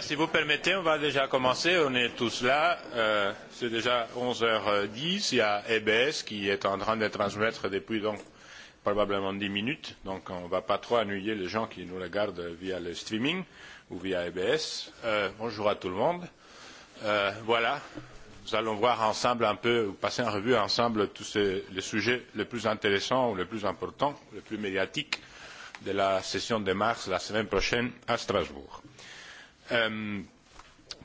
si vous permettez, on va déjà commencer. On est tous là. C'est déjà 11h10. Il y a EBS qui est en train de transmettre depuis donc probablement 10 minutes. Donc on ne va pas trop ennuyer les gens qui nous regardent via le streaming ou via EBS. Bonjour à tout le monde. Voilà, nous allons voir ensemble un peu, ou passer en revue ensemble tous les sujets les plus intéressants ou les plus importants, les plus médiatiques de la session de mars la semaine prochaine à Strasbourg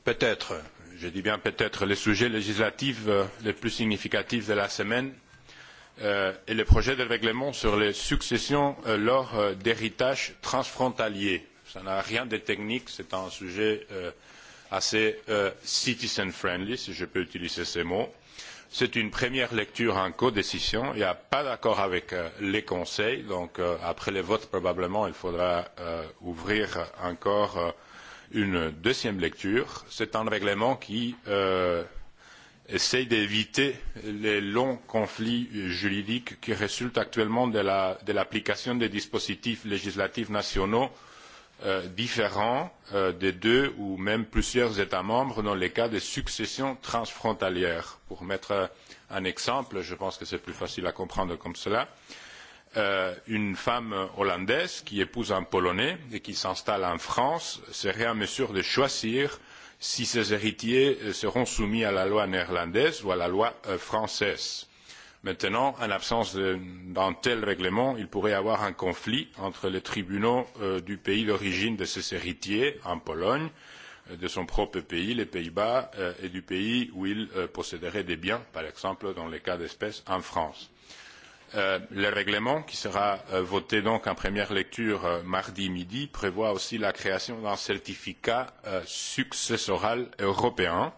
peut être je dis bien peut être le sujet législatif le plus significatif de la semaine est le projet de règlement sur les successions lors d'héritages transfrontaliers. cela n'a rien de technique c'est un sujet assez citizen friendly si je peux utiliser ces mots c'est une première lecture en codécision il n'y a pas d'accord avec le conseil donc après le vote probablement il faudra ouvrir encore une deuxième lecture. C'est un règlement qui essaie d'éviter les longs conflits juridiques qui résultent actuellement de l'application des dispositifs législatifs nationaux différents des deux ou même plusieurs États membres dans les cas de successions transfrontalières. Pour mettre un exemple, je pense que c'est plus facile à comprendre comme cela une femme hollandaise qui épouse un polonais et qui s'installe en france serait en mesure de choisir si ses héritiers seront soumis à la loi néerlandaise ou à la loi française. maintenant en l'absence d'un tel règlement il pourrait y avoir un conflit entre les tribunaux du pays d'origine de ses héritiers en pologne de son propre pays les pays bas et du pays où il posséderait des biens par exemple dans le cas d'espèces, en france le règlement qui sera voté donc en première lecture mardi midi prévoit aussi la création d'un certificat successoral européen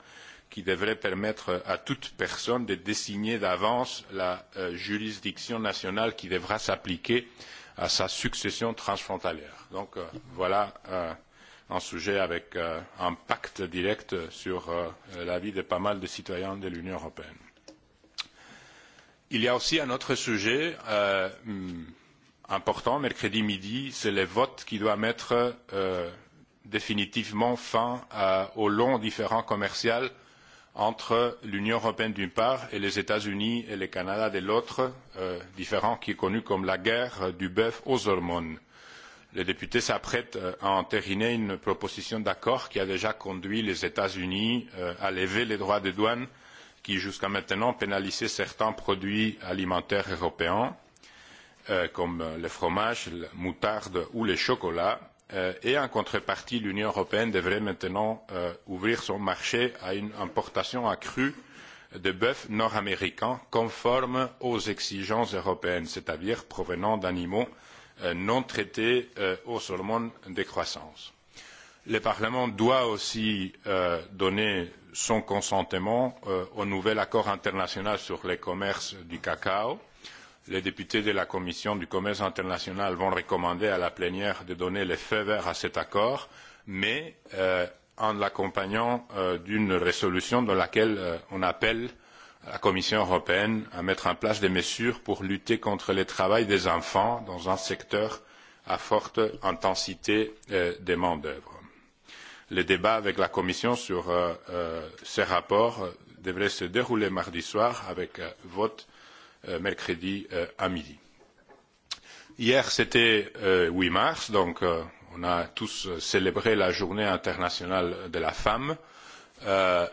qui devrait permettre à toute personne de désigner d'avance la juridiction nationale qui devra s'appliquer à sa succession transfrontalière. donc voilà un sujet avec un impact direct sur la vie de pas mal de citoyens de l'union européenne. Il y a aussi un autre sujet important. Mercredi midi, c'est le vote qui doit mettre définitivement fin au long différend commercial entre l'Union européenne d'une part et les États-Unis et le Canada de l'autre, différent qui est connu comme la guerre du bœuf aux hormones. Les députés s'apprêtent à entériner une proposition d'accord qui a déjà conduit les États-Unis à lever les droits de douane qui jusqu'à maintenant pénalisait certains produits alimentaires européens comme le fromage, la moutarde ou le chocolat, et en contrepartie l'Union européenne devrait maintenant ouvrir son marché à une importation accrue de bœuf nord-américain conforme aux exigences européennes, c'est-à-dire provenant d'animaux non traités aux hormones de croissance. Le Parlement doit aussi donner son consentement au nouvel accord international sur le commerce du cacao. Les députés de la Commission du commerce international vont recommander à la plénière de donner le feu vert à cet accord, mais en l'accompagnant d'une résolution dans laquelle on appelle la Commission européenne à mettre en place des mesures pour lutter contre le travail des enfants dans un secteur à forte intensité des main d'œuvre. Le débat avec la Commission sur ces rapports devrait se dérouler mardi soir avec vote mercredi à midi. Hier, c'était 8 mars, donc on a tous célébré la journée internationale de la femme.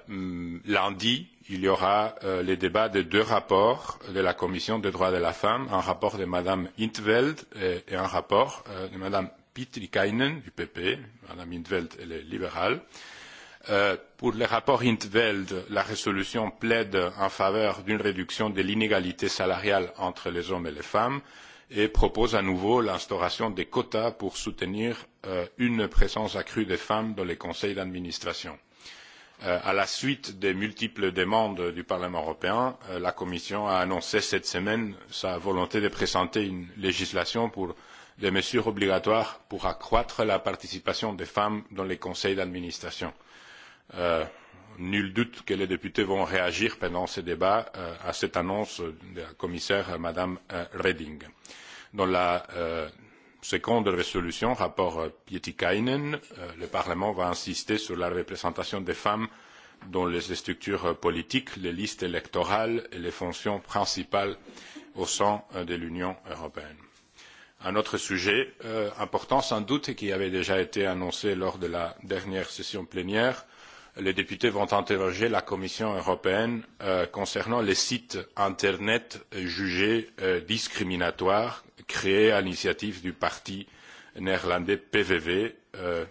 Lundi, il y aura le débat de deux rapports de la Commission des droits de la femme, un rapport de Mme Intveld et un rapport de Mme Pietrikainen du PP, Madame Hintveld, elle est libérale. Pour le rapport Hintveld, la résolution plaide en faveur d'une réduction de l'inégalité salariale entre les hommes et les femmes et propose à nouveau l'instauration des quotas pour soutenir une présence accrue des femmes dans les conseils d'administration. À la suite des multiples demandes du Parlement européen, la Commission a annoncé cette semaine sa volonté de présenter une législation pour des mesures obligatoires pour accroître la participation des femmes dans les conseils d'administration. Nul doute que les députés vont réagir pendant ce débat à cette annonce de la commissaire Mme Reding. Dans la seconde résolution, rapport Pietikainen, le Parlement va insister sur la représentation des femmes dans les structures politiques, les listes électorales et les fonctions principales au sein de l'Union européenne. Un autre sujet important sans doute, et qui avait déjà été annoncé lors de la dernière session plénière, les députés vont interroger la Commission européenne concernant les sites Internet jugés discriminatoires créés à l'initiative du parti néerlandais PVV,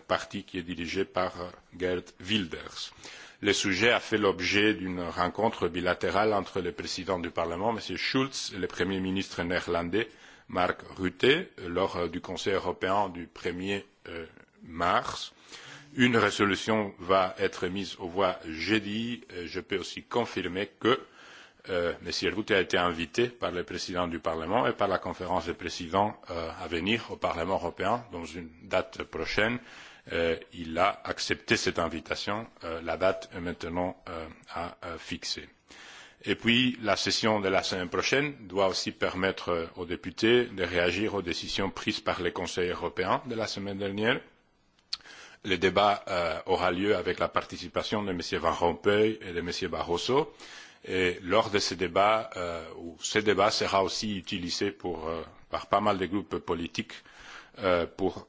parti qui est dirigé par Gerd Wilders. Le sujet a fait l'objet d'une rencontre bilatérale entre le président du Parlement, M. Schulz, et le Premier ministre néerlandais Marc Rutte lors du Conseil européen du 1er mars. Une résolution va être mise aux voix jeudi. Je peux aussi confirmer que M. Rutte a été invité par le président du Parlement et par la conférence des présidents à venir au Parlement européen dans une date prochaine. Il a accepté cette invitation. La date est maintenant à fixer. Et puis, la session de la semaine prochaine doit aussi permettre aux députés de réagir aux décisions prises par le Conseil européen de la semaine dernière. Le débat aura lieu avec la participation de M. Van Rompuy et de M. Barroso. Et lors de ce débat, ce débat sera aussi utilisé par pas mal de groupes politiques pour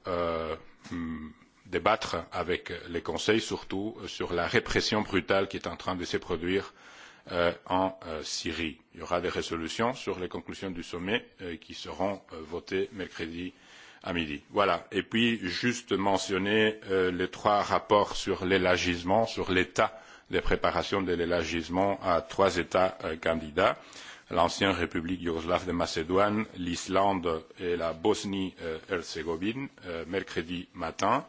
débattre avec le Conseil, surtout sur la répression brutale qui est en train de se produire en Syrie. Il y aura des résolutions sur les conclusions du sommet qui seront votées mercredi à midi. Voilà. Et puis, juste mentionner les trois rapports sur l'élargissement, sur l'état des préparations de l'élargissement à trois États candidats, l'ancienne République yougoslave de Macédoine, l'Islande et la Bosnie-Herzégovine, mercredi matin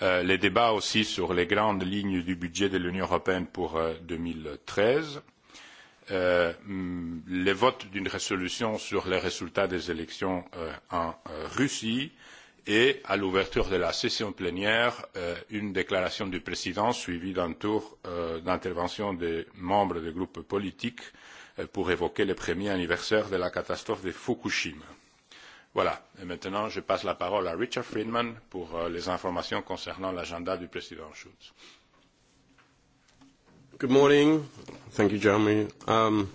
les débats aussi sur les grandes lignes du budget de l'Union européenne pour 2013, le vote d'une résolution sur les résultats des élections en Russie et, à l'ouverture de la session plénière, une déclaration du président suivie d'un tour d'intervention des membres des groupes politiques pour évoquer le premier anniversaire de la catastrophe de Fukushima. Voilà. Et maintenant, je passe la parole à Richard Friedman pour les informations concernant l'agenda du président Schulz. Good morning. Thank you, Jeremy. Um,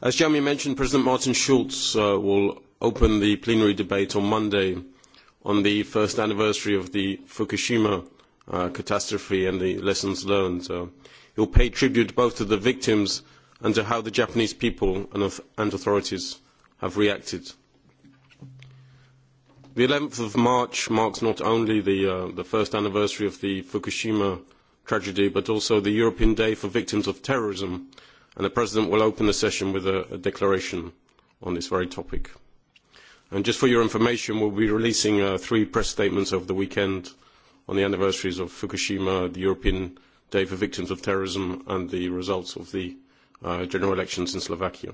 as Jeremy mentioned, President Martin Schulz uh, will open the plenary debate on Monday on the first anniversary of the Fukushima uh, catastrophe and the lessons learned. So he'll pay tribute both to the victims and to how the Japanese people and, and authorities have reacted The 11th of March marks not only the first anniversary of the Fukushima tragedy, but also the European Day for Victims of Terrorism, and the President will open the session with a declaration on this very topic. And just for your information, we'll be releasing three press statements over the weekend on the anniversaries of Fukushima, the European Day for Victims of Terrorism, and the results of the general elections in Slovakia.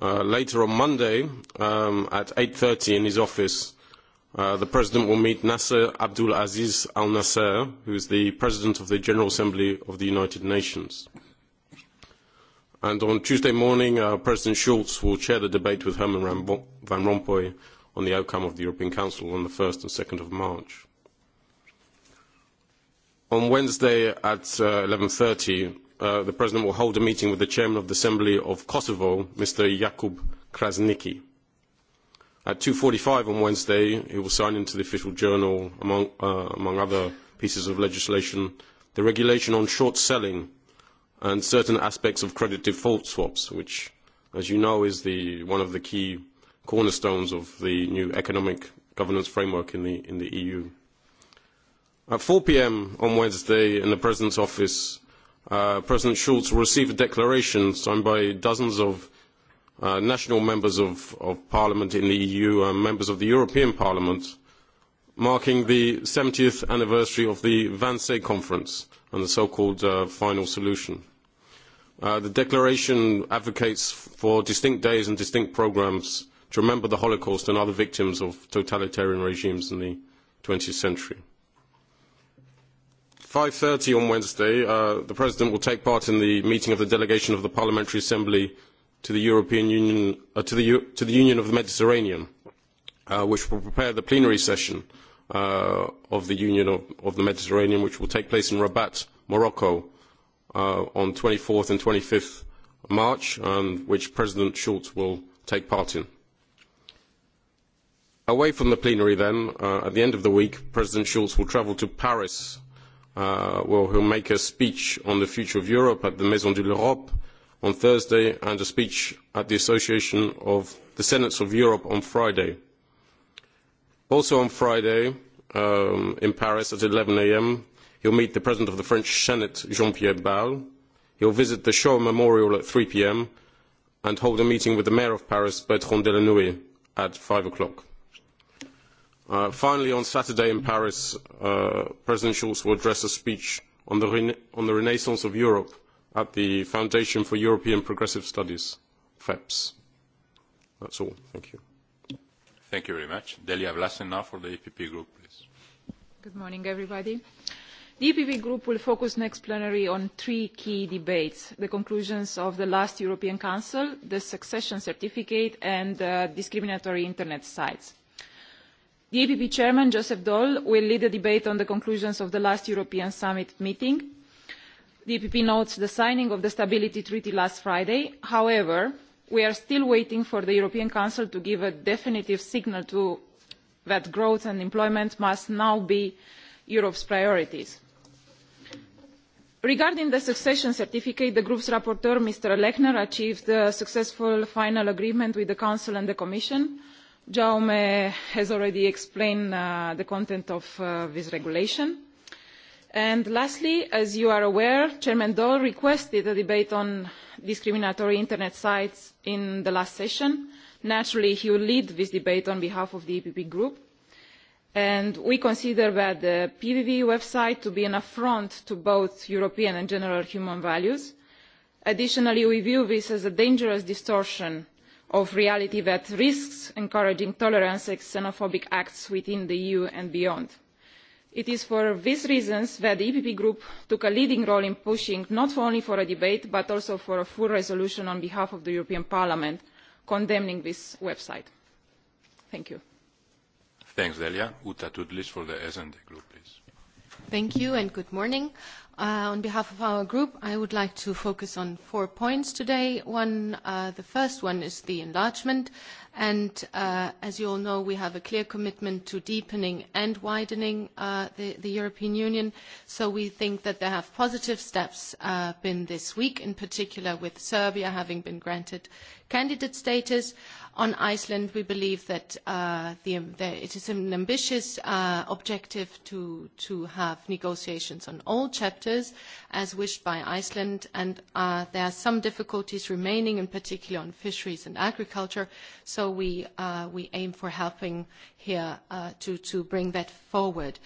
Later on Monday at 8.30 in his office, the President will meet Nasser Abdul Aziz al-Nasser, who is the President of the General Assembly of the United Nations. And on Tuesday morning, President Schulz will chair the debate with Herman Van Rompuy on the outcome of the European Council on the 1st and 2nd of March. On Wednesday at 11.30, the President will hold a meeting with the Chairman of the Assembly of Kosovo, Mr. Jakub Krasniki. At 2.45 on Wednesday, he will sign into the official journal, among other pieces of legislation, the regulation on short selling and certain aspects of credit default swaps, which, as you know, is one of the key cornerstones of the new economic governance framework in the EU. At 4 p.m. on Wednesday in the President's office, President Schulz will receive a declaration signed by dozens of national members of Parliament in the EU and members of the European Parliament, marking the 70th anniversary of the Wannsee Conference and the so-called final solution. The declaration advocates for distinct days and distinct programmes to remember the Holocaust and other victims of totalitarian regimes in the 20th century. 5.30 on Wednesday, the President will take part in the meeting of the delegation of the Parliamentary Assembly to the European Union, to the Union of the Mediterranean, which will prepare the plenary session of the Union of the Mediterranean, which will take place in Rabat, Morocco, on 24th and 25th March, and which President Schulz will take part in. Away from the plenary, then, at the end of the week, President Schulz will travel to Paris Well, will make a speech on the future of Europe at the Maison de l'Europe on Thursday and a speech at the Association of the Senates of Europe on Friday. Also on Friday, in Paris at 11 a.m., he'll meet the President of the French Senate, Jean-Pierre Ball. He'll visit the Shaw Memorial at 3 p.m. and hold a meeting with the Mayor of Paris, Bertrand Delanoë, at 5 o'clock. Finally, on Saturday in Paris, President Schulz will address a speech on the renaissance of Europe at the Foundation for European Progressive Studies, FEPS. That's all. Thank you. Thank you very much. Delia Vlasen now for the EPP Group, please. Good morning, everybody. The EPP Group will focus next plenary on three key debates: the conclusions of the last European Council, the succession certificate, and discriminatory Internet sites. The EPP Chairman, Joseph Daul, will lead the debate on the conclusions of the last European Summit meeting. The EPP notes the signing of the Stability Treaty last Friday. However, we are still waiting for the European Council to give a definitive signal that growth and employment must now be Europe's priorities. Regarding the succession certificate, the Group's rapporteur, Mr. Lechner, achieved a successful final agreement with the Council and the Commission Jaume has already explained the content of this regulation. And lastly, as you are aware, Chairman Daul requested a debate on discriminatory Internet sites in the last session. Naturally, he will lead this debate on behalf of the EPP Group. And we consider that the PVV website to be an affront to both European and general human values. Additionally, we view this as a dangerous distortion of reality that risks encouraging tolerance and xenophobic acts within the eu and beyond. it is for these reasons that the epp group took a leading role in pushing not only for a debate but also for a full resolution on behalf of the european parliament condemning this website. thank you. thanks delia. uta tudlis for the sd group please. thank you and good morning. On behalf of our group, I would like to focus on four points today. One, the first one is the enlargement, and as you all know, we have a clear commitment to deepening and widening the European Union. So we think that there have positive steps been this week, in particular with Serbia having been granted candidate status. On Iceland, we believe that it is an ambitious objective to have negotiations on all chapters, as wished by Iceland, and there are some difficulties remaining, in particular on fisheries and agriculture, so we aim for helping here to bring that forward.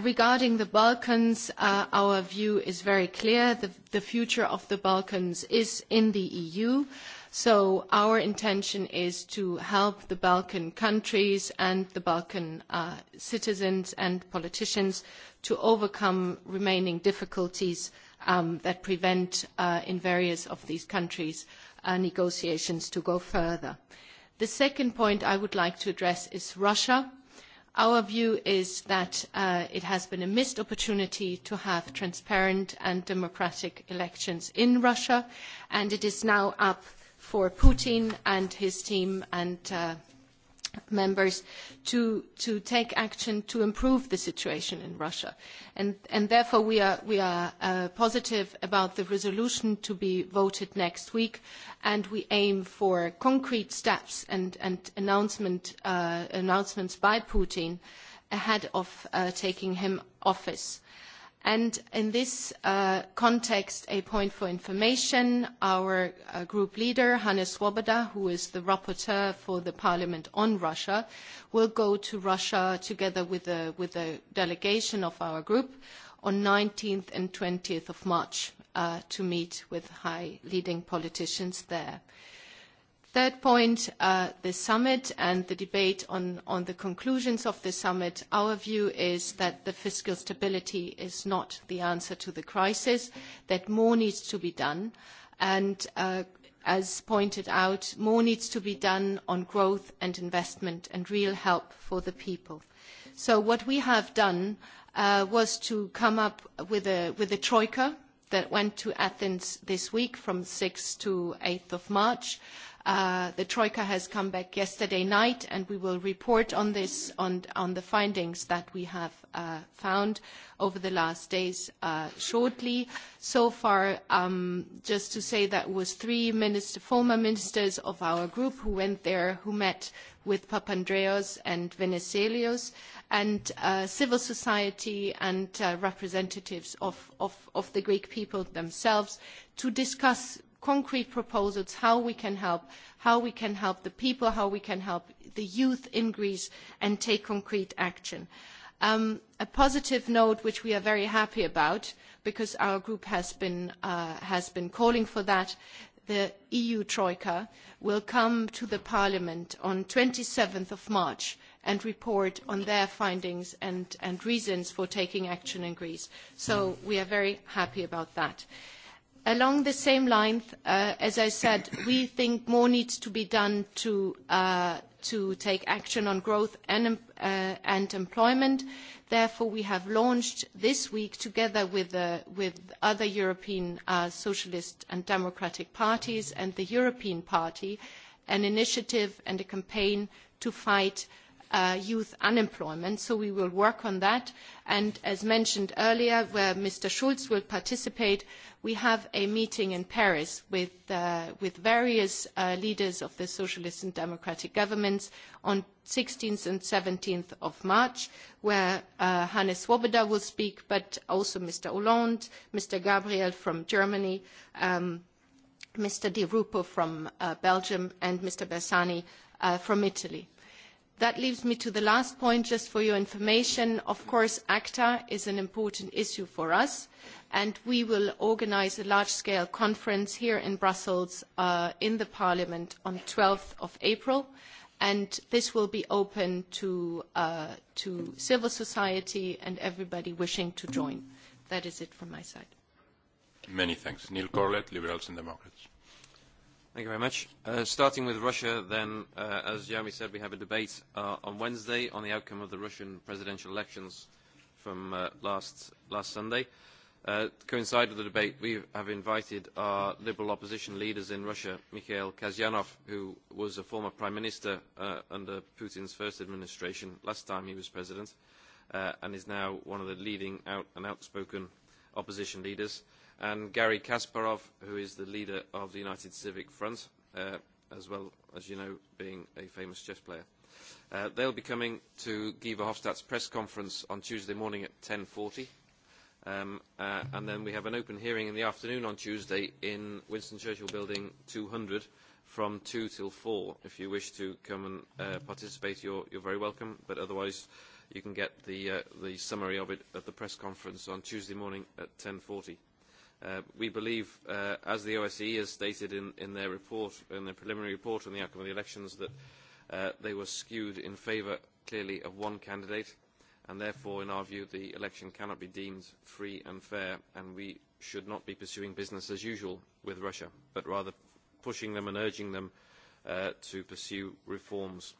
Regarding the Balkans, our view is very clear. The future of the Balkans is in the EU. So our intention is to help the Balkan countries and the Balkan citizens and politicians to overcome remaining difficulties that prevent in various of these countries negotiations to go further. The second point I would like to address is Russia. Our view is that it has been a missed opportunity to have transparent and democratic elections in Russia, and it is now up for Putin and his team and members to take action to improve the situation in Russia. And therefore we are positive about the resolution to be voted next week and we aim for concrete steps and announcements by Putin ahead of taking him office. And in this context, a point for information, our group leader, Hannes Swoboda, who is the rapporteur for the Parliament on Russia, will go to Russia together with the delegation of our group on 19th and 20th of March to meet with high leading politicians there. Third point, the summit and the debate on the conclusions of the summit. Our view is that the fiscal stability is not the answer to the crisis, that more needs to be done. And as pointed out, more needs to be done on growth and investment and real help for the people. So what we have done was to come up with a troika that went to Athens this week from 6 to 8 of March The Troika has come back yesterday night, and we will report on this, on the findings that we have found over the last days shortly. So far, just to say that was three former ministers of our group who went there, who met with Papandreos and Venizelos and civil society and representatives of the Greek people themselves to discuss concrete proposals how we can help how we can help the people how we can help the youth in greece and take concrete action a positive note which we are very happy about because our group has been has been calling for that the eu troika will come to the parliament on 27th of march and report on their findings and reasons for taking action in greece so we are very happy about that Along the same lines, as I said, we think more needs to be done to take action on growth and employment. Therefore, we have launched this week, together with other European socialist and democratic parties and the European Party, an initiative and a campaign to fight youth unemployment. So we will work on that. And as mentioned earlier, where Mr. Schulz will participate, we have a meeting in Paris with various leaders of the socialist and democratic governments on 16th and 17th of March, where Hannes Swoboda will speak, but also Mr. Hollande, Mr. Gabriel from Germany, Mr. Di Rupo from Belgium, and Mr. Bersani from Italy. That leaves me to the last point, just for your information. Of course, ACTA is an important issue for us, and we will organise a large-scale conference here in Brussels in the Parliament on 12th of April, and this will be open to civil society and everybody wishing to join. That is it from my side. Many thanks. Neil Corlett, Liberals and Democrats. Thank you very much. Starting with Russia, then, as Jeremy said, we have a debate on Wednesday on the outcome of the Russian presidential elections from last last Sunday. To coincide with the debate, we have invited our liberal opposition leaders in Russia, Mikhail Kazyanov, who was a former prime minister under Putin's first administration, last time he was president, and is now one of the leading out-and-outspoken opposition leaders and Gary Kasparov, who is the leader of the United Civic Front, as well as you know, being a famous chess player. They'll be coming to Guy Verhofstadt's press conference on Tuesday morning at 10.40, and then we have an open hearing in the afternoon on Tuesday in Winston Churchill Building 200 from 2 till 4. If you wish to come and participate, you're very welcome, but otherwise you can get the summary of it at the press conference on Tuesday morning at 10.40. We believe, as the OSCE has stated in their report, in their preliminary report on the outcome of the elections, that they were skewed in favour, clearly, of one candidate, and therefore, in our view, the election cannot be deemed free and fair, and we should not be pursuing business as usual with Russia, but rather pushing them and urging them to pursue reforms.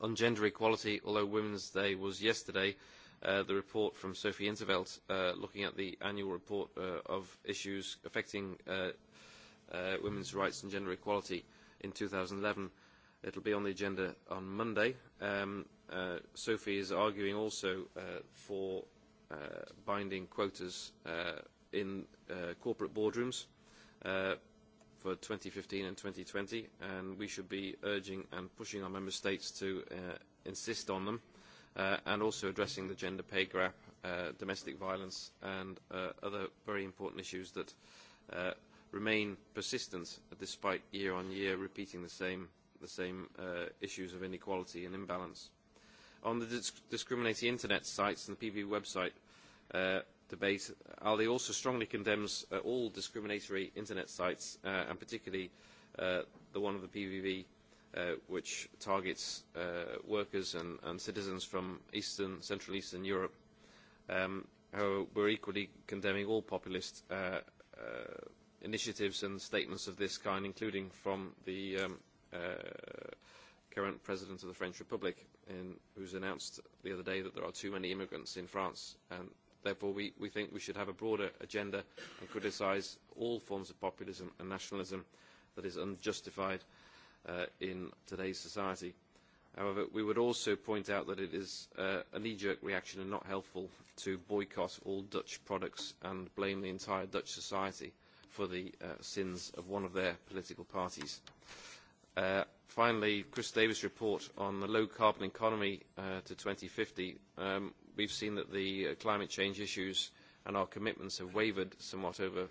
On gender equality, although Women's Day was yesterday, the report from Sophie Intervelt looking at the annual report of issues affecting women's rights and gender equality in 2011. It will be on the agenda on Monday. Sophie is arguing also for binding quotas in corporate boardrooms for 2015 and 2020, and we should be urging and pushing our member states to insist on them and also addressing the gender pay gap, domestic violence and other very important issues that remain persistent despite year on year repeating the same the same issues of inequality and imbalance. On the discriminating internet sites and the PV website debate, ALI also strongly condemns all discriminatory internet sites and particularly the one of the PVV which targets workers and citizens from Eastern, Central Eastern Europe. However, we're equally condemning all populist initiatives and statements of this kind, including from the current President of the French Republic, who's announced the other day that there are too many immigrants in France. and Therefore, we think we should have a broader agenda and criticise all forms of populism and nationalism that is unjustified in today's society. However, we would also point out that it is a knee-jerk reaction and not helpful to boycott all Dutch products and blame the entire Dutch society for the sins of one of their political parties. Finally, Chris Davis' report on the low-carbon economy to 2050, we've seen that the climate change issues and our commitments have wavered somewhat over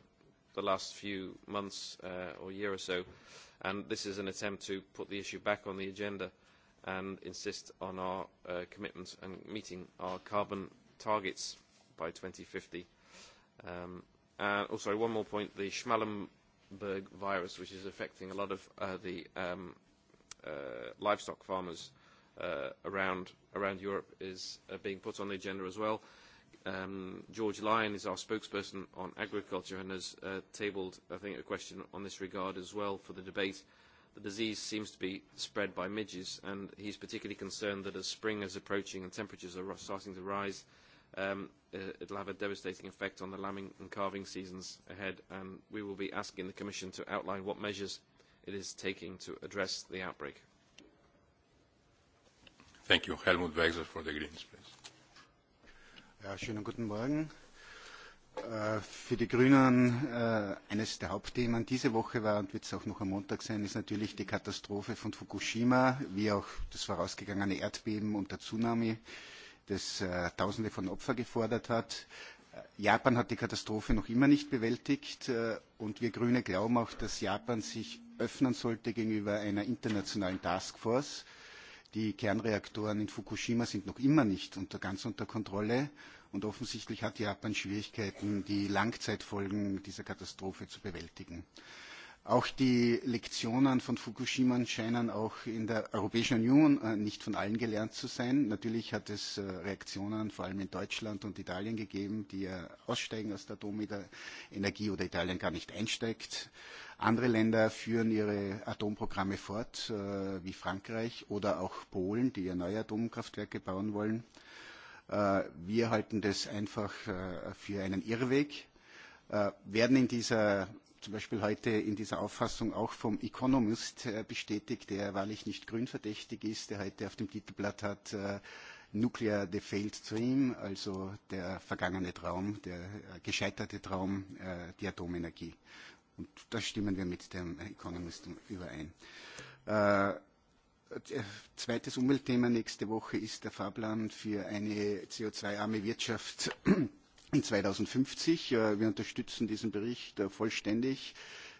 the last few months or year or so and this is an attempt to put the issue back on the agenda and insist on our commitment and meeting our carbon targets by 2050. Oh, one more point. The Schmallenberg virus, which is affecting a lot of the livestock farmers around Europe, is being put on the agenda as well. Um George Lyon is our spokesperson on agriculture and has tabled, I think, a question on this regard as well for the debate. The disease seems to be spread by midges, and he's particularly concerned that as spring is approaching and temperatures are starting to rise, it will have a devastating effect on the lambing and calving seasons ahead, and we will be asking the Commission to outline what measures it is taking to address the outbreak. Thank you. Helmut Weiser for the Greens, please. Schönen guten Morgen. Für die Grünen eines der Hauptthemen diese Woche war und wird es auch noch am Montag sein, ist natürlich die Katastrophe von Fukushima, wie auch das vorausgegangene Erdbeben und der Tsunami, das Tausende von Opfern gefordert hat. Japan hat die Katastrophe noch immer nicht bewältigt, und wir Grüne glauben auch, dass Japan sich öffnen sollte gegenüber einer internationalen Taskforce Die Kernreaktoren in Fukushima sind noch immer nicht unter ganz unter Kontrolle, und offensichtlich hat Japan Schwierigkeiten, die Langzeitfolgen dieser Katastrophe zu bewältigen. Auch die Lektionen von Fukushima scheinen auch in der Europäischen Union nicht von allen gelernt zu sein. Natürlich hat es Reaktionen vor allem in Deutschland und Italien gegeben, die aussteigen aus der Atomenergie oder Italien gar nicht einsteigt. Andere Länder führen ihre Atomprogramme fort, wie Frankreich oder auch Polen, die ja neue Atomkraftwerke bauen wollen. Wir halten das einfach für einen Irrweg, werden in dieser zum Beispiel heute in dieser Auffassung auch vom Economist bestätigt, der wahrlich nicht grünverdächtig ist, der heute auf dem Titelblatt hat Nuclear the Failed Dream, also der vergangene Traum, der gescheiterte Traum, die Atomenergie. Und da stimmen wir mit dem Economist überein. Zweites Umweltthema nächste Woche ist der Fahrplan für eine CO2-arme Wirtschaft in 2050. Wir unterstützen diesen Bericht vollständig,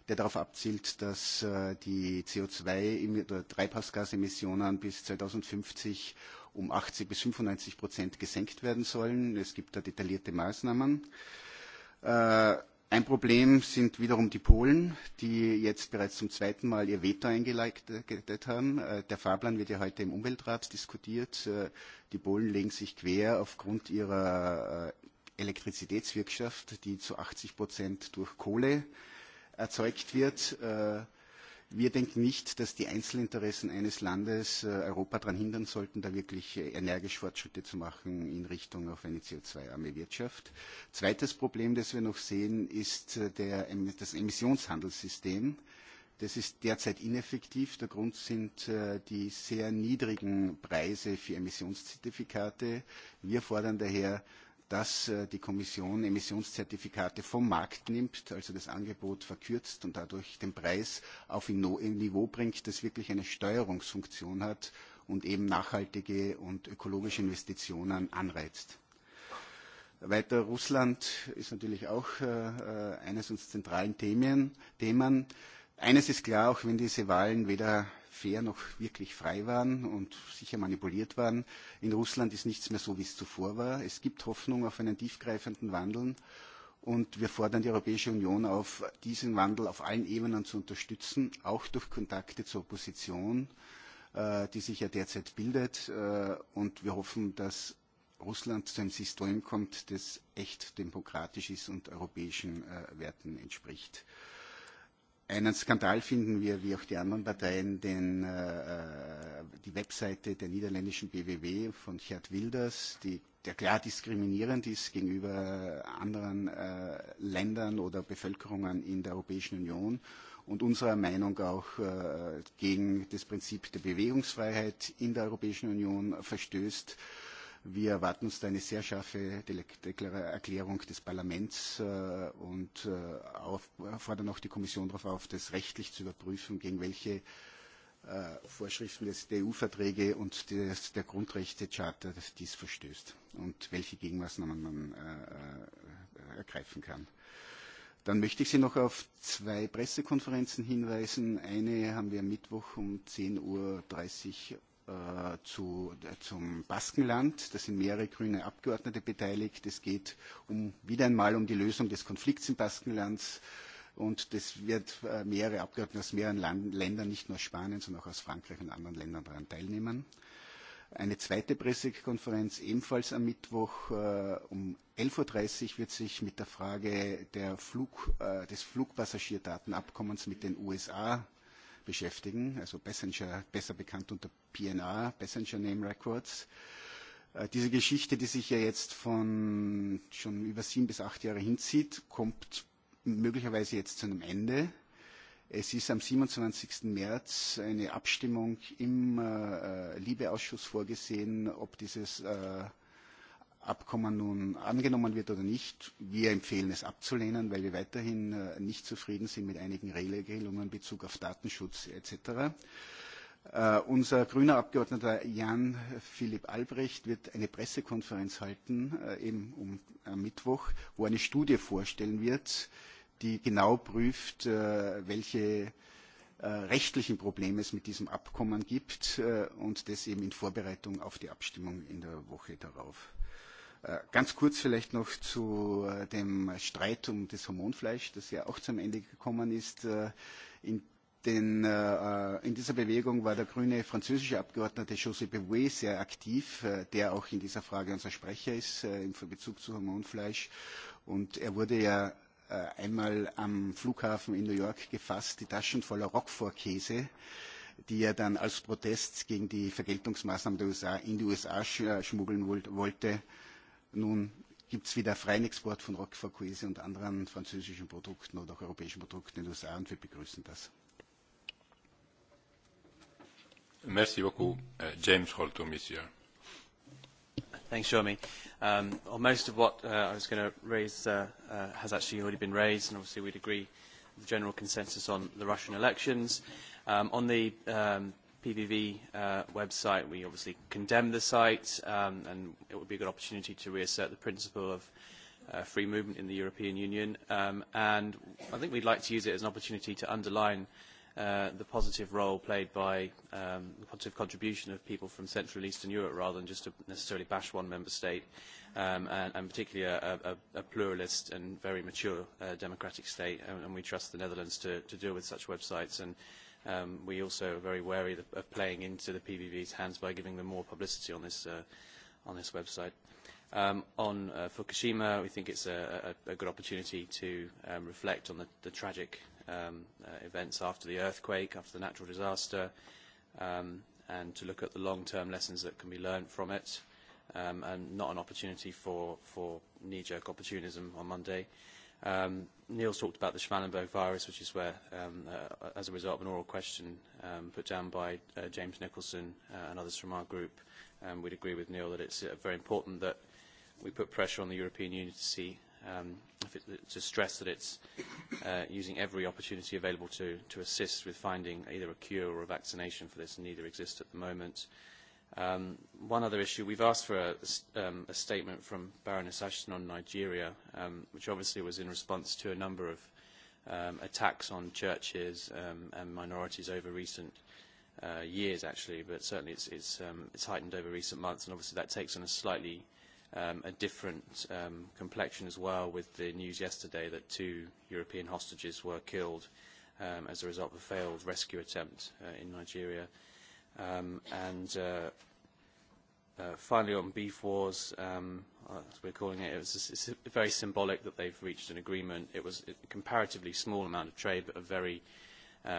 der darauf abzielt, dass die CO2- oder Treibhausgasemissionen bis 2050 um 80 bis 95 Prozent gesenkt werden sollen. Es gibt da detaillierte Maßnahmen. Ein Problem sind wiederum die Polen, die jetzt bereits zum zweiten Mal ihr Veto eingeleitet haben. Der Fahrplan wird ja heute im Umweltrat diskutiert. Die Polen legen sich quer aufgrund ihrer Elektrizitätswirtschaft, die zu 80 durch Kohle erzeugt wird. Wir denken nicht, dass die Einzelinteressen eines Landes Europa daran hindern sollten, da wirklich energisch Fortschritte zu machen in Richtung auf eine CO2-arme Wirtschaft. Zweites Problem, das wir noch sehen, ist das Emissionshandelssystem. Das ist derzeit ineffektiv. Der Grund sind die sehr niedrigen Preise für Emissionszertifikate. Wir fordern daher, dass die Kommission Emissionszertifikate vom Markt nimmt, also das Angebot verkürzt und dadurch den Preis auf ein Niveau bringt, das wirklich eine Steuerungsfunktion hat und eben nachhaltige und ökologische Investitionen anreizt. Weiter Russland ist natürlich auch eines unserer zentralen Themen. Eines ist klar, auch wenn diese Wahlen weder fair noch wirklich frei waren und sicher manipuliert waren. In Russland ist nichts mehr so, wie es zuvor war. Es gibt Hoffnung auf einen tiefgreifenden Wandel. Und wir fordern die Europäische Union auf, diesen Wandel auf allen Ebenen zu unterstützen, auch durch Kontakte zur Opposition, die sich ja derzeit bildet. Und wir hoffen, dass Russland zu einem System kommt, das echt demokratisch ist und europäischen Werten entspricht einen Skandal finden wir, wie auch die anderen Parteien, den, die Webseite der niederländischen BWW von Gerd Wilders, die, der klar diskriminierend ist gegenüber anderen Ländern oder Bevölkerungen in der Europäischen Union und unserer Meinung auch gegen das Prinzip der Bewegungsfreiheit in der Europäischen Union verstößt Wir erwarten uns da eine sehr scharfe Erklärung des Parlaments und fordern auch die Kommission darauf auf, das rechtlich zu überprüfen, gegen welche Vorschriften des EU-Verträge und der Grundrechtecharta dies verstößt und welche Gegenmaßnahmen man ergreifen kann. Dann möchte ich Sie noch auf zwei Pressekonferenzen hinweisen. Eine haben wir am Mittwoch um 10.30 Uhr zum Baskenland. Da sind mehrere grüne Abgeordnete beteiligt. Es geht um wieder einmal um die Lösung des Konflikts im Baskenland Und das wird mehrere Abgeordnete aus mehreren Ländern, nicht nur aus Spanien, sondern auch aus Frankreich und anderen Ländern daran teilnehmen. Eine zweite Pressekonferenz ebenfalls am Mittwoch um 11.30 Uhr wird sich mit der Frage des Flugpassagierdatenabkommens mit den USA beschäftigen, also Passenger, besser bekannt unter PNR, Passenger Name Records. Diese Geschichte, die sich ja jetzt von schon über sieben bis acht Jahre hinzieht, kommt möglicherweise jetzt zu einem Ende. Es ist am 27. März eine Abstimmung im Libe-Ausschuss vorgesehen, ob dieses Abkommen nun angenommen wird oder nicht. Wir empfehlen es abzulehnen, weil wir weiterhin nicht zufrieden sind mit einigen Regelungen in Bezug auf Datenschutz etc. Unser grüner Abgeordneter Jan Philipp Albrecht wird eine Pressekonferenz halten, eben am Mittwoch, wo eine Studie vorstellen wird, die genau prüft, welche rechtlichen Probleme es mit diesem Abkommen gibt und das eben in Vorbereitung auf die Abstimmung in der Woche darauf. Ganz kurz vielleicht noch zu dem Streit um das Hormonfleisch, das ja auch zum Ende gekommen ist. In dieser Bewegung war der grüne französische Abgeordnete José Bouet sehr aktiv, der auch in dieser Frage unser Sprecher ist im Bezug zu Hormonfleisch. Und er wurde ja einmal am Flughafen in New York gefasst, die Taschen voller Roquefort-Käse die er dann als Protest gegen die Vergeltungsmaßnahmen der USA in die USA schmuggeln wollte Nun gibt es wieder freien Export von Roquefort Coese und anderen französischen Produkten oder auch europäischen Produkten in den USA und wir begrüßen das. Merci beaucoup. James Holto, Monsieur. Thanks, Jeremy. Um, well, most of what I was going to raise has actually already been raised, and obviously we'd agree the general consensus on the Russian elections. Um, on the um, PVV website, we obviously condemn the site, and it would be a good opportunity to reassert the principle of free movement in the European Union. And I think we'd like to use it as an opportunity to underline the positive role played by the positive contribution of people from Central and Eastern Europe rather than just to necessarily bash one member state, and particularly a pluralist and very mature democratic state. And we trust the Netherlands to deal with such websites and We also are very wary of playing into the PVV's hands by giving them more publicity on this website. On Fukushima, we think it's a good opportunity to reflect on the tragic events after the earthquake, after the natural disaster, and to look at the long-term lessons that can be learned from it, and not an opportunity for knee-jerk opportunism on Monday. Neil's talked about the Schmallenberg virus, which is where, as a result of an oral question put down by James Nicholson and others from our group, we'd agree with Neil that it's very important that we put pressure on the European Union to see, to stress that it's using every opportunity available to assist with finding either a cure or a vaccination for this, and neither exists at the moment. One other issue, we've asked for a statement from Baroness Ashton on Nigeria, which obviously was in response to a number of attacks on churches and minorities over recent years, actually, but certainly it's heightened over recent months, and obviously that takes on a slightly a different complexion as well with the news yesterday that two European hostages were killed as a result of a failed rescue attempt in Nigeria. And finally on beef wars, as we're calling it, it's very symbolic that they've reached an agreement. It was a comparatively small amount of trade, but a very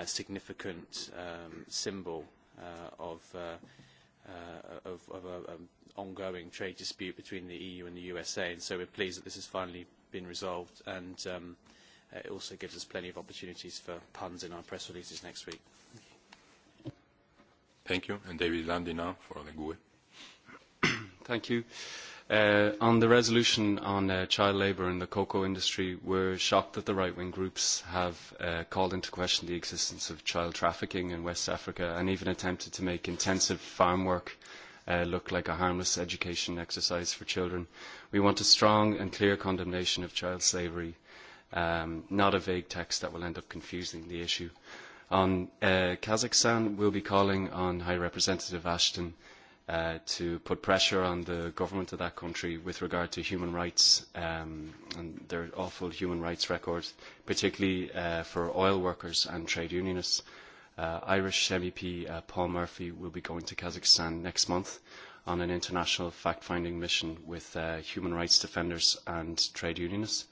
significant symbol of an ongoing trade dispute between the EU and the USA. And so we're pleased that this has finally been resolved. And it also gives us plenty of opportunities for puns in our press releases next week. Thank you. And David now for the GUE. Thank you. On the resolution on child labour in the cocoa industry, we're shocked that the right-wing groups have called into question the existence of child trafficking in West Africa and even attempted to make intensive farm work look like a harmless education exercise for children. We want a strong and clear condemnation of child slavery, not a vague text that will end up confusing the issue. On Kazakhstan, we'll be calling on High Representative Ashton to put pressure on the government of that country with regard to human rights and their awful human rights record, particularly for oil workers and trade unionists. Irish MEP Paul Murphy will be going to Kazakhstan next month on an international fact-finding mission with human rights defenders and trade unionists.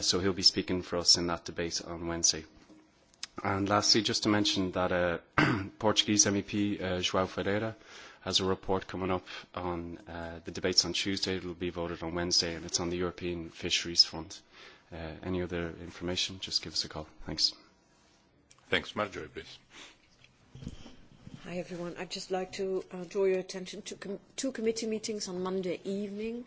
So he'll be speaking for us in that debate on Wednesday. And lastly, just to mention that a Portuguese MEP, João Ferreira, has a report coming up on the debates on Tuesday. It will be voted on Wednesday, and it's on the European Fisheries Fund. Any other information, just give us a call. Thanks. Thanks. Marjorie, please. Hi, everyone. I'd just like to draw your attention to two committee meetings on Monday evening.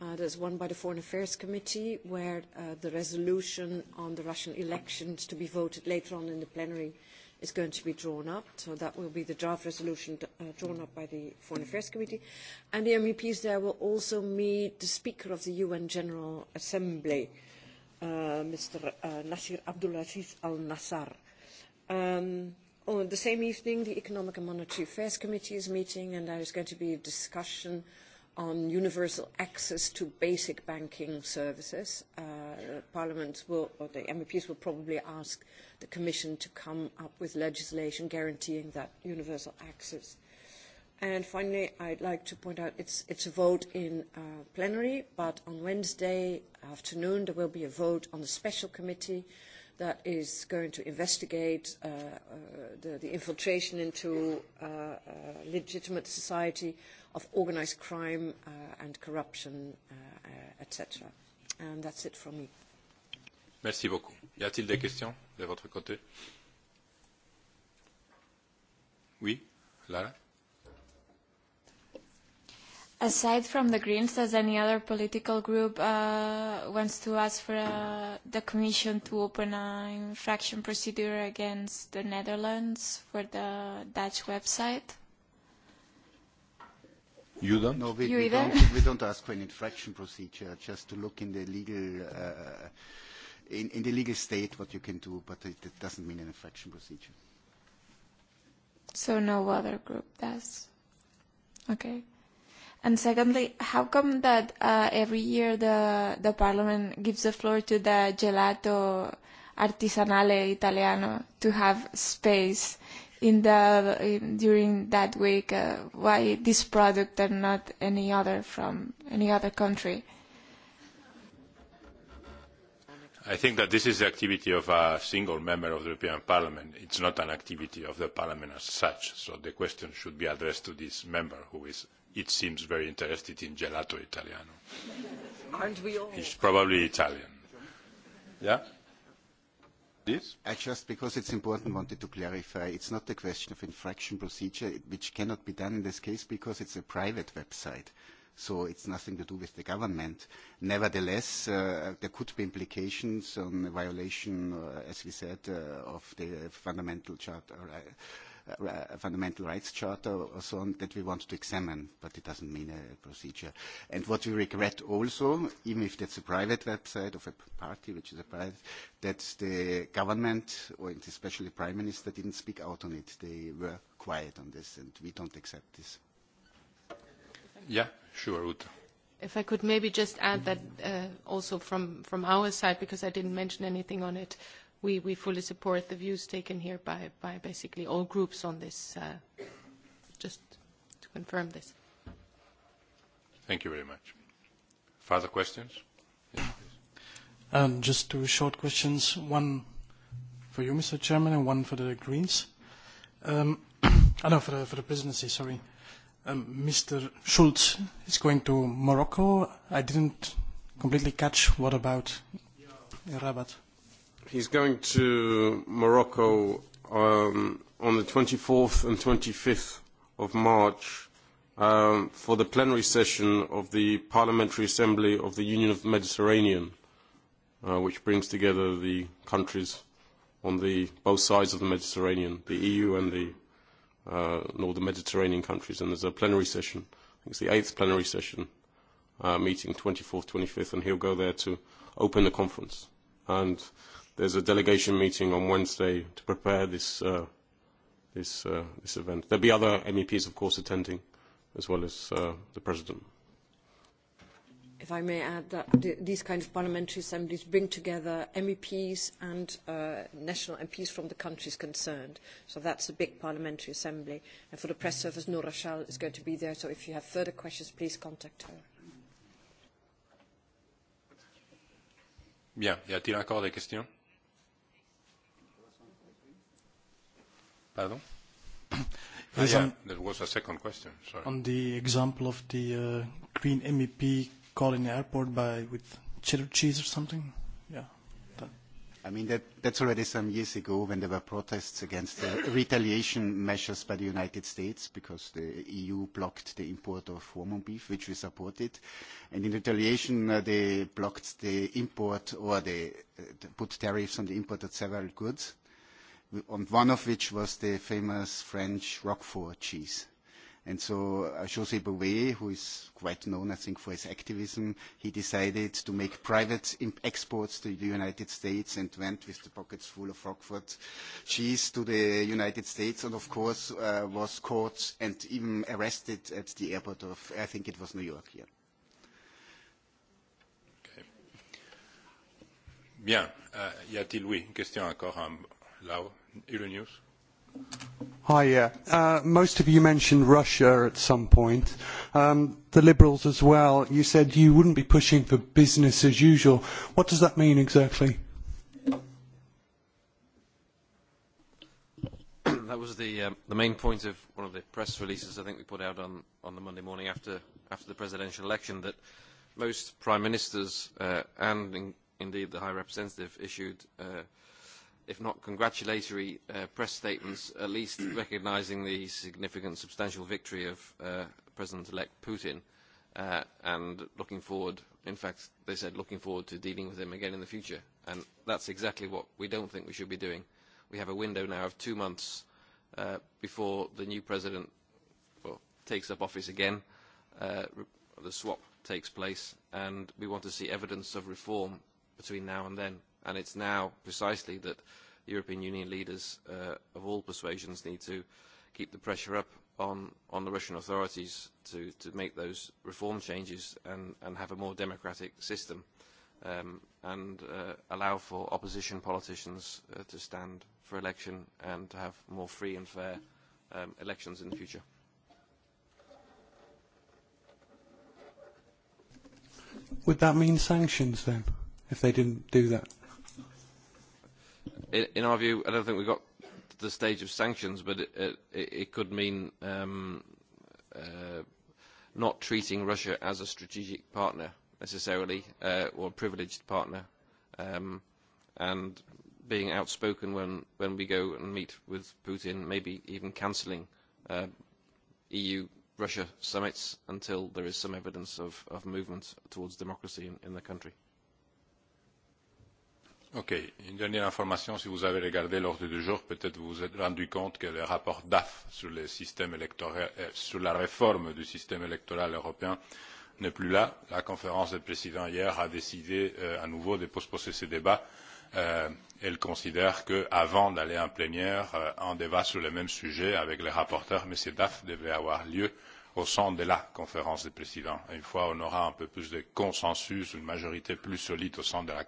There's one by the Foreign Affairs Committee where the resolution on the Russian elections to be voted later on in the plenary is going to be drawn up. So that will be the draft resolution drawn up by the Foreign Affairs Committee. And the MEPs there will also meet the Speaker of the UN General Assembly, Mr. Nasir Abdulaziz al-Nassar. On the same evening, the Economic and Monetary Affairs Committee is meeting, and there is going to be a discussion on universal access to basic banking services. Parliament will, or the MEPs will probably ask the Commission to come up with legislation guaranteeing that universal access. And finally, I'd like to point out it's a vote in plenary, but on Wednesday afternoon there will be a vote on the special committee that is going to investigate the the infiltration into legitimate society of organized crime and corruption, etc. And that's it from me. Merci beaucoup. Y a-t-il des questions de votre côté Oui, Lara Aside from the Greens, does any other political group wants to ask for the Commission to open an infraction procedure against the Netherlands for the Dutch website? You don't? No, we, don't, we don't ask for an infraction procedure, just to look in the legal, in, in the legal state what you can do, but it, it doesn't mean an infraction procedure. So no other group does? Okay. And secondly, how come that every year the the Parliament gives the floor to the gelato artisanale italiano to have space in the during that week? Why this product and not any other from any other country? I think that this is the activity of a single member of the European Parliament. It's not an activity of the Parliament as such. So the question should be addressed to this member who is it seems very interested in gelato italiano. Aren't we all? He's probably Italian. Yeah? This? Just because it's important, wanted to clarify. It's not a question of infraction procedure, which cannot be done in this case because it's a private website. So it's nothing to do with the government. Nevertheless, there could be implications on the violation, as we said, of the fundamental Fundamental Rights Charter or so on that we want to examine, but it doesn't mean a procedure. And what we regret also, even if that's a private website of a party which is a private, that the government, or especially the Prime Minister, didn't speak out on it. They were quiet on this, and we don't accept this. Yeah, sure, If I could maybe just add that also from from our side, because I didn't mention anything on it, we we fully support the views taken here by basically all groups on this just to confirm this thank you very much further questions um just two short questions one for you mr chairman and one for the greens um no for the for the presidency sorry um mr schulz is going to morocco i didn't completely catch what about rabat He's going to Morocco on the 24th and 25th of March for the plenary session of the Parliamentary Assembly of the Union of the Mediterranean, which brings together the countries on the both sides of the Mediterranean, the EU and the northern Mediterranean countries. And there's a plenary session. I think it's the eighth plenary session meeting, 24th, 25th, and he'll go there to open the conference. And There's a delegation meeting on Wednesday to prepare this this this event. There'll be other MEPs, of course, attending, as well as the President. If I may add that these kind of parliamentary assemblies bring together MEPs and national MPs from the countries concerned. So that's a big parliamentary assembly. And for the press service, Nora Shal is going to be there. So if you have further questions, please contact her. Bien. Y a-t-il encore des questions Pardon? There was a second question. On the example of the Green MEP calling the airport by with cheddar cheese or something. Yeah. I mean that that's already some years ago when there were protests against the retaliation measures by the United States because the EU blocked the import of hormone beef, which we supported, and in retaliation they blocked the import or they put tariffs on the import of several goods and one of which was the famous French Roquefort cheese. And so José Bové, who is quite known, I think, for his activism, he decided to make private exports to the United States and went with the pockets full of Roquefort cheese to the United States and, of course, was caught and even arrested at the airport of, I think it was New York, yeah. Bien. Y a-t-il, oui, une question encore Lau, Euronews. Hi, yeah. Most of you mentioned Russia at some point. The Liberals as well. You said you wouldn't be pushing for business as usual. What does that mean exactly? That was the main point of one of the press releases I think we put out on the Monday morning after the presidential election, that most prime ministers and indeed the High Representative issued if not congratulatory press statements, at least recognizing the significant substantial victory of President-elect Putin and looking forward, in fact, they said looking forward to dealing with him again in the future. And that's exactly what we don't think we should be doing. We have a window now of two months before the new president takes up office again, the swap takes place, and we want to see evidence of reform between now and then and it's now precisely that European Union leaders of all persuasions need to keep the pressure up on the Russian authorities to make those reform changes and have a more democratic system and allow for opposition politicians to stand for election and to have more free and fair elections in the future. Would that mean sanctions then, if they didn't do that? in our view, I don't think we've got the stage of sanctions, but it could mean not treating Russia as a strategic partner necessarily, or a privileged partner, and being outspoken when when we go and meet with Putin, maybe even cancelling EU-Russia summits until there is some evidence of movement towards democracy in the country. Une dernière information, si vous avez regardé l'ordre du jour, peut-être vous vous êtes rendu compte que le rapport DAF sur, le système électoral, sur la réforme du système électoral européen n'est plus là. La conférence des présidents hier a décidé à nouveau de postposer ce débat. Elle considère qu'avant d'aller en plénière, un débat sur le même sujet avec les rapporteurs, M. DAF, devrait avoir lieu au sein de la conférence des présidents. Une fois on aura un peu plus de consensus, une majorité plus solide au sein de la